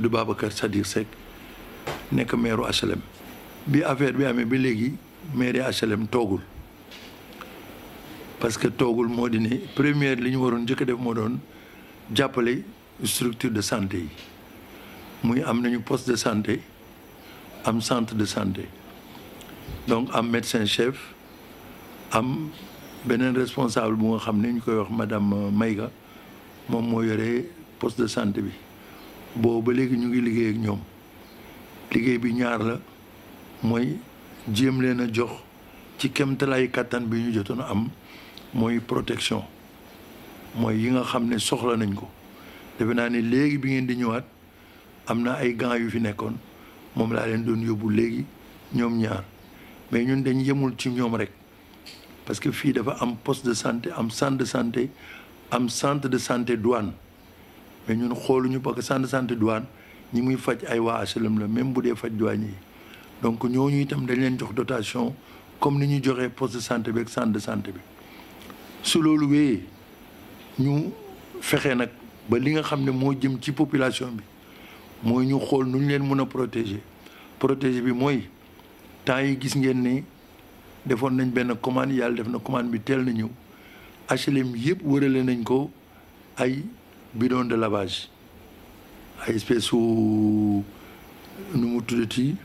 tudd Babacar Sadir Seck nekk maireu HLM bi affaire bi amee ba léegi maire HLM toogul parce que toogul moo di ne première li ñu waroon njëkk def moo doon jàppale structure de santé yi muy am nañu poste de santé am centre de santé donc am médecin chef am beneen responsable bu nga xam ne ñu koy wax madame mayga moom moo yore poste de santé bi boobu ba léegi ñu ngi liggéey ak ñoom liggéey bi ñaar la mooy jéem leen a jox ci kemtalaay kàttan bi ñu jotoon am mooy protection mooy yi nga xam ne soxla nañ ko defe naa ne léegi bi ngeen di ñëwaat am na ay gants yu fi nekkoon moom laa leen doon yóbbu léegi ñoom ñaar mais ñun dañ yemul ci ñoom rek parce que fii dafa am post de santé am centre santé am centre de santé douane mais ñun xooluñu ñu que centre santé douane ñi muy faj ay waa HLM la même bu dee faj douane yi donc ñooñu itam dañ leen jox dotation comme ni ñu joxee poste de santé bi ak centre de santé bi su loolu wéyee ñu fexe nag ba li nga xam ne moo jëm ci population bi mooy ñu xool nu ñu leen mën a protéger protéger bi mooy temps yi gis ngeen ne defoon nañ benn commande yàlla def na commande bi teel na ñëw HLM yëpp wërale nañ ko ay bidon de lavage ay espèce su nu mu tuddati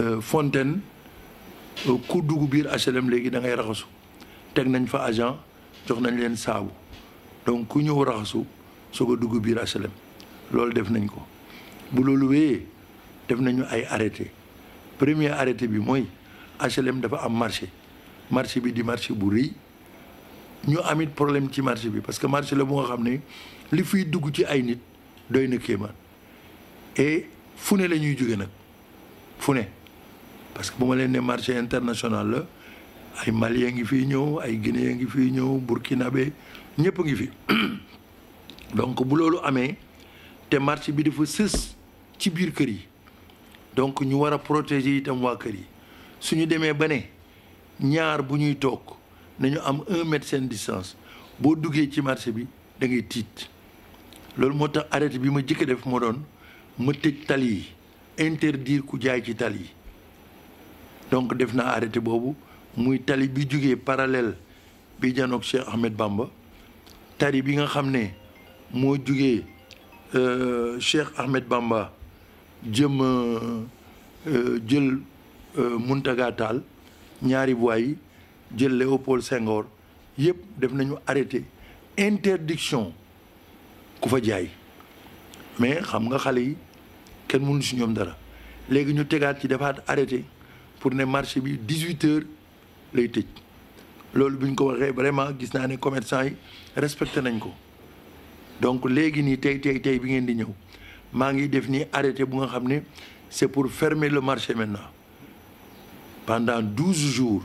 euh, fontaine euh, ku dugg biir HLM léegi da ngay raxasu teg nañ fa agent jox nañ leen saabu donc ku ñëw raxasu soog a dugg biir HLM loolu def nañ ko bu loolu wéyee def nañu ay arrêté premier arrêté bi mooy HLM dafa am marché marché bi di marché bu rëy ñu amit problème ci marché bi parce que marché le bu nga xam ne li fiy dugg ci ay nit doy na kéemaan et fu ne la ñuy jóge nag fu ne parce que bu ma leen ne marché international la ay Malien ngi fii ñëw ay guinée Guinéen ngi fii ñëw Burkinabé ñëpp ngi fi donc bu loolu amee te marché bi dafa sës ci biir kër yi donc ñu war a protéger itam waa kër yi suñu demee ba ne ñaar bu ñuy toog nañu am un mètre seen distance boo duggee ci marché bi da tiit loolu moo tax arrêté bi ma jëkk def ma doon ma tëj tali yi interdire ku jaay ci tali yi donc def naa arrêté boobu muy tali bi jugee parallèle bi janoog Cheikh Ahmed Bamba tali bi nga xam ne moo jugee euh, Cheikh Ahmed Bamba jëm euh, jël euh, Muntaga Taal ñaari voies yi jël Léopold Senghor yëpp def nañu arrêté interdiction ku fa jaay mais xam nga xale yi kenn mënu si ñoom dara léegi ñu tegaat ci defaat arrêté pour ne marché bi 18 heures lay tëj loolu bu ko waxee vraiment gis naa ne commerçant yi respecté nañ ko donc léegi nii tey tey tey bi ngeen di ñëw maa ngi def nii arrêté bu nga xam c'est pour fermer le marché maintenant pendant 12 jours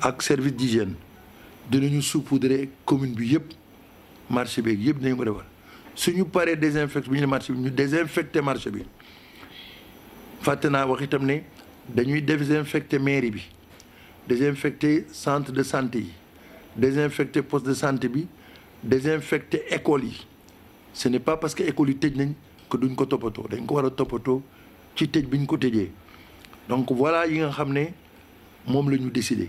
ak service d'hygiène dinañu saupoudrer commune bi yépp marché bi yépp dinañ ko Si suñu paree désinfecte bi ñu marché bi ñu désinfecter marché bi fàtte naa wax itam ne dañuy désinfecter mairie bi désinfecter centre de santé désinfecter poste de santé bi désinfecter école yi ce n'est pas parce que école yi tëj nañ que duñ ko toppatoo dañ ko war a toppatoo ci tëj biñ ko tëjee donc voilà yi nga xam ne moom la ñu décidé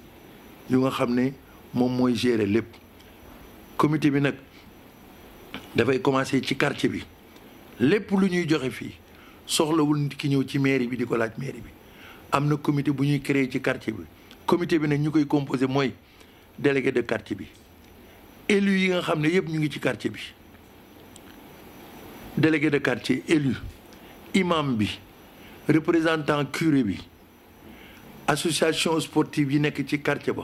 yu nga xam ne moom mooy gérer lépp comité bi commencé dans commencer ci quartier bi lépp lu ñuy joxe fii soxlawul nit ki ñëw ci mairie bi la mairie. laaj mairie bi am comité bu ñuy créer ci quartier bi comité bi nag ñu composé mooy délégué de quartier bi élu yi nga xam ne ñu ngi ci quartier bi délégué de quartier élu imam bi représentant curé bi association sportive yi nekk ci quartier ba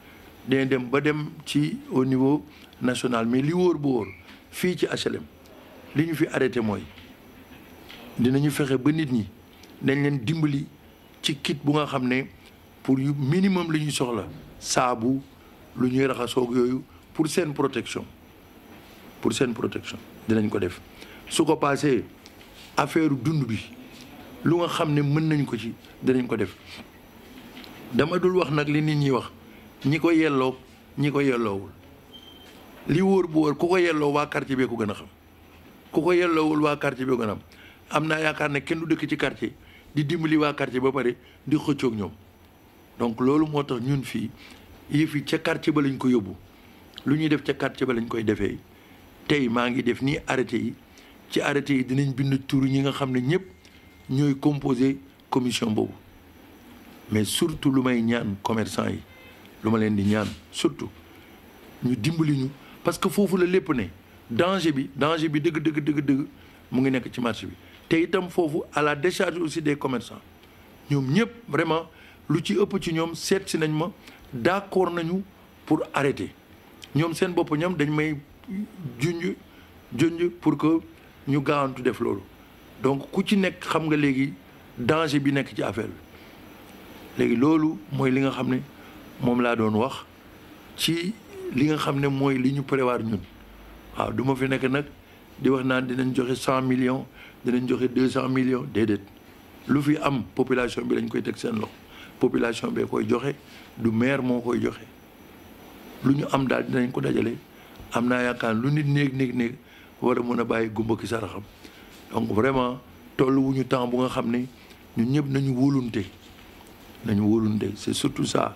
dina dem ba dem ci au niveau national mais li wóor bu wóor fii ci HLM liñu fi arrêté moy dinañu fexé ba nit ñi dañ leen dimbali ci kit bu nga xamné pour yu minimum li soxla sabu lu ñuy ak yoyu pour sen protection pour sen protection dinañ ko def su ko passé, affaire dund bi lu nga xamné ne mën nañ ko ci dinañ ko def dama dul wax nak li nit ñi wax ñi ko yelloog ñi ko yelloowul li wóor bu wóor ku ko yelloo waa quartier bee ko gën a xam ku ko yelloowul waa quartier bee ko gën a xam am naa yaakaar ne kenn du dëkk ci quartier di dimbali waa quartier ba pare di xëccoog ñoom donc loolu moo tax ñun fii yëf yi ca quartier ba lañ ko yóbbu lu ñuy def ca quartier ba lañ koy defee tey maa ngi def nii arrêté yi ci arrêté yi dinañ bind tur ñi nga xam ne ñëpp ñooy composé commission boobu mais surtout lu may ñaan commerçant yi lu ma di ñaan surtout ñu dimbali ñu parce que foofu le lépp ne danger bi danger bi deug deug deug deug mu ngi nek ci marché bi te itam fofu à la décharge aussi des commerçants ñom ñep vraiment lu ci ëpp ci ñom seet ci nañ ma d'accord nañu pour arrêter ñom seen bopp ñom dañ may junj junj pour que ñu gaawantu def lolu donc ku ci nek xam nga légui danger bi nek ci affaire légui lolu moy li nga xamné moom laa doon wax ci li nga xam ne mooy li ñu prévoir ñun waaw du ma fi nekk nag di wax naan dinañ joxe cent millions dinañ joxe deux cent millions déedéet lu fi am population bi lañ koy teg seen loxo population bee koy joxe du maire moo koy joxe lu ñu am daal dinañ ko dajale am naa yaakaar lu nit néeg néeg néeg war mun a bàyyi gumba ki saraxam donc vraiment tollu wuñu temps bu nga xam ne ñun ñëpp nañu wóolunte nañu wóolunte c'est surtout ça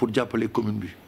pour jàppale les communes.